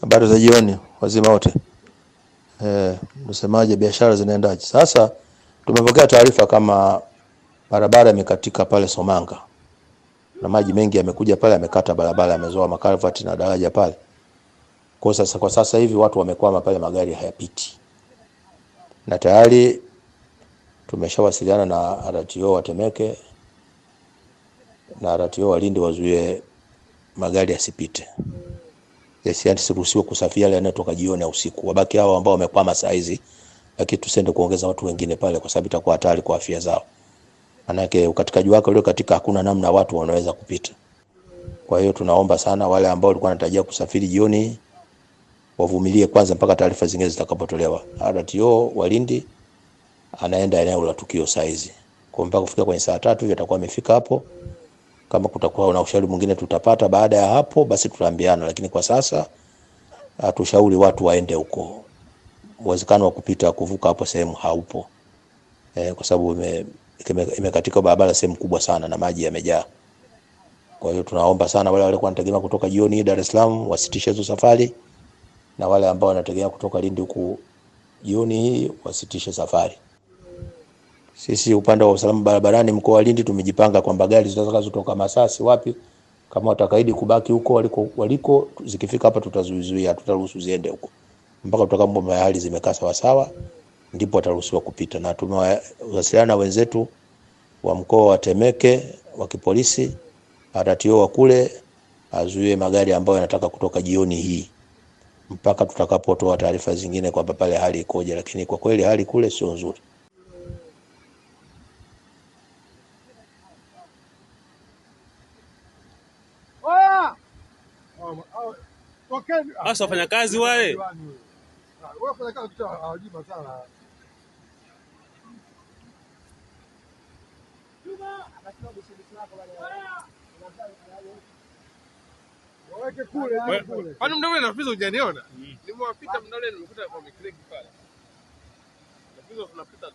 Habari za jioni wazima wote. Eh, msemaje biashara zinaendaje? Sasa tumepokea taarifa kama barabara imekatika pale Somanga. Na maji mengi yamekuja pale yamekata barabara yamezoa makalvati na daraja pale. Kwa sasa kwa sasa hivi watu wamekwama pale magari hayapiti. Na tayari tumeshawasiliana na RTO wa Temeke na RTO walindi wazuie magari yasipite yes, yasiruhusiwe kusafiri yale yanayotoka jioni au usiku. Wabaki hao ambao wamekwama saa hizi, lakini tusende kuongeza watu wengine pale, kwa sababu itakuwa hatari kwa afya zao. Manake ukatikaji wake ulio katika, hakuna namna watu wanaweza kupita. Kwa hiyo tunaomba sana wale ambao walikuwa wanatarajia kusafiri jioni wavumilie kwanza mpaka taarifa zingine zitakapotolewa. RTO Walindi anaenda eneo la tukio saa hizi, kwa mpaka kufika kwenye saa tatu atakuwa amefika hapo. Kama kutakuwa na ushauri mwingine tutapata baada ya hapo, basi tutaambiana, lakini kwa sasa hatushauri watu waende huko. Uwezekano wa kupita kuvuka hapo sehemu haupo e, kwa sababu imekatika ime, ime barabara sehemu kubwa sana na maji yamejaa. Kwa hiyo tunaomba sana wale walikuwa wanategemea kutoka jioni hii Dar es Salaam wasitishe hizo safari, na wale ambao wanategemea kutoka Lindi huku jioni hii wasitishe safari. Sisi upande wa usalama barabarani mkoa wa Lindi tumejipanga kwamba gari zitakazotoka Masasi wapi, kama watakaidi kubaki huko waliko, waliko zikifika hapa tutazuizuia, tutaruhusu ziende huko mpaka tutakapo hali zimekaa sawa sawa, ndipo wataruhusiwa kupita. Na tumewasiliana wenzetu wa mkoa wa Temeke wa kipolisi atatio wa kule azuie magari ambayo yanataka kutoka jioni hii mpaka tutakapotoa taarifa zingine kwamba pale hali ikoje, lakini kwa kweli hali kule sio nzuri. Hasa ah, wafanyakazi ah, wale ah, kwani mda ule nafiza hujaniona? Nimewapita mda ule nimekuta pale. tunapita